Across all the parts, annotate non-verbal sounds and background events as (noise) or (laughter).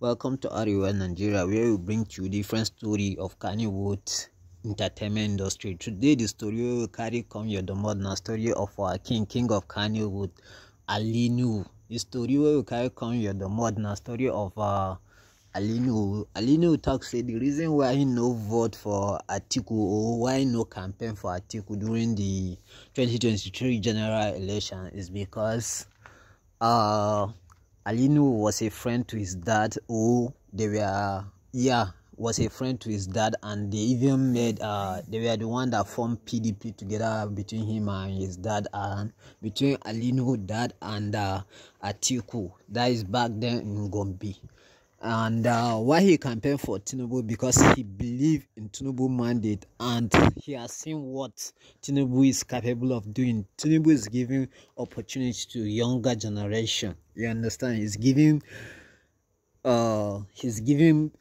Welcome to Ariwa Nigeria, where we bring to you different story of wood entertainment industry. Today, the story we will carry come your the modern story of our king, king of wood, Alinu. The story we will carry come your the modern story of uh, Alinu. Alinu talks say the reason why he no vote for Atiku or why no campaign for Atiku during the 2023 general election is because uh Alinu was a friend to his dad, Oh, they were, yeah, was a friend to his dad, and they even made, uh, they were the one that formed PDP together between him and his dad, and between Alinu, dad, and uh, Atiku. That is back then in Gombe and uh, why he campaigned for Tinubu because he believed in Tinubu mandate and he has seen what Tinubu is capable of doing. Tinubu is giving opportunity to younger generation. You understand? He's giving uh he's giving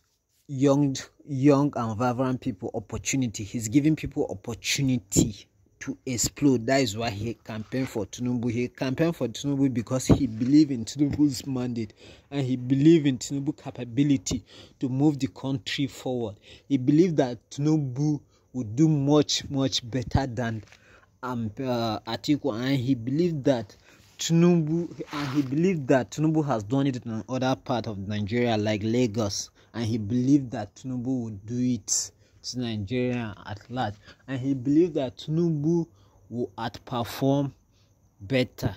young young and vibrant people opportunity. He's giving people opportunity to explode. That is why he campaigned for Tinubu. He campaigned for Tinubu because he believed in Tinubu's mandate and he believed in Tinubu's capability to move the country forward. He believed that Tinubu would do much, much better than um, uh, Atiku, and he believed that Tinubu and he believed that Tinubu has done it in other part of Nigeria like Lagos, and he believed that Tinubu would do it to Nigeria at large. And he believed that Tinubu would outperform better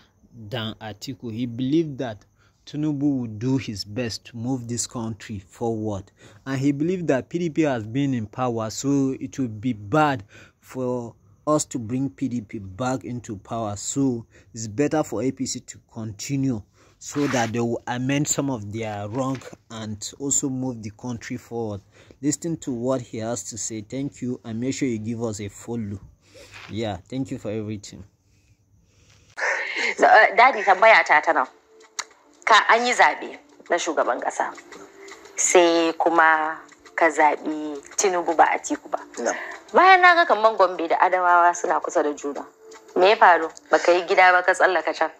than Atiku. He believed that Tinubu would do his best to move this country forward. And he believed that PDP has been in power, so it would be bad for us to bring PDP back into power. So it's better for APC to continue so that they will amend some of their wrong and also move the country forward. Listen to what he has to say. Thank you and make sure you give us a follow. Yeah, thank you for everything. So, uh, daddy tambaya ta ta nan. Ka an na shugabanga kasa. se kuma ka zabi Tinubu ba Atiku ba. Bayan na ga kaman Gombe da suna kusa juna. Me ya faru? Baka yi gida ba ka tsallaka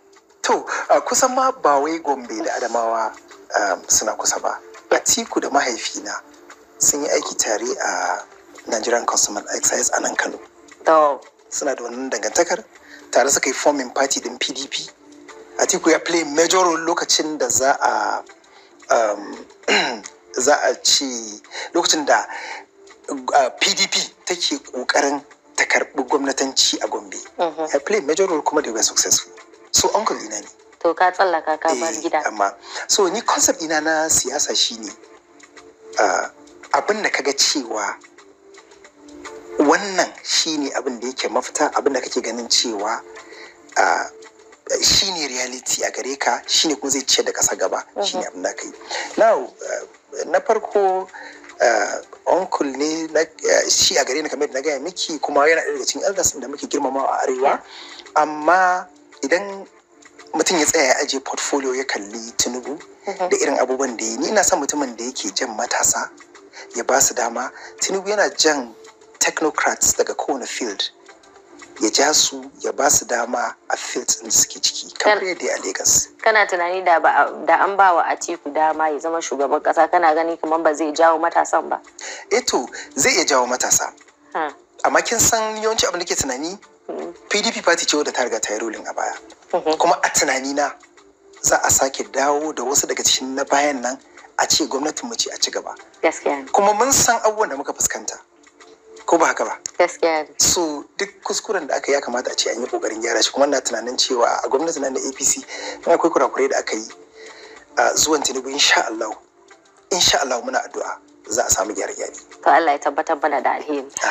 to kusan ma ba wai gombe da adamawa suna kusa ba batiku da mahaifina sun yi aiki tare a nigerian Customer excise a nan kano suna da wannan dangantakar tare suka yi forming party din pdp atiku ya play major role lokacin da za a um, (clears throat) za a ci lokacin da pdp take kokarin ta karbi gwamnatanci a gombe mm-hmm. ya play major role kuma da ya successful so uncle ina ne to ka tsallaka ka bar eh, gida amma so ni concept ina na siyasa shine uh, abin da kaga cewa wannan shine abin da yake mafita abin da kake ganin cewa uh, shine reality a gare ka shine kuma zai ciyar da kasa gaba mhm. shine abin da ka yi now uh, na farko onkul eh, ne shi a gare ni kamar na gaya miki kuma yana daga cikin elders da muke girmamawa a arewa amma idan mutum ya tsaya ya aje portfolio ya kalli tinubu mhm. da irin abubuwan da yi ni ina son mutumin da yake jan matasa ya ba su dama tinubu yana jan technocrats daga kowane field ya ja su ya ba su dama a fields da suke ciki kamar yadda a Legas. Kana tunani da da an ba wa Atiku dama ya zama shugaban kasa kana gani kamar ba zai jawo matasan ba? Eto eh zai iya jawo matasa. Amma kin san yawanci abin da ke tunani pdp party ce wadda ta riga ta yi ruling a baya mhm. kuma a tunanina za a sake dawo da wasu daga cikin na bayan nan a ce gwamnatin mu ce a ci gaba kuma mun san abubuwan da muka fuskanta ko ba haka ba gaskiya so duk kuskuren da aka yi ya kamata a ce an yi kokarin gyara shi kuma na tunanin cewa a gwamnati nan da apc na akwai kurakurai da aka yi a zuwan tinubu insha Allah insha Allah muna addu'a za a samu gyare-gyare to Allah ya tabbatar bana da alheri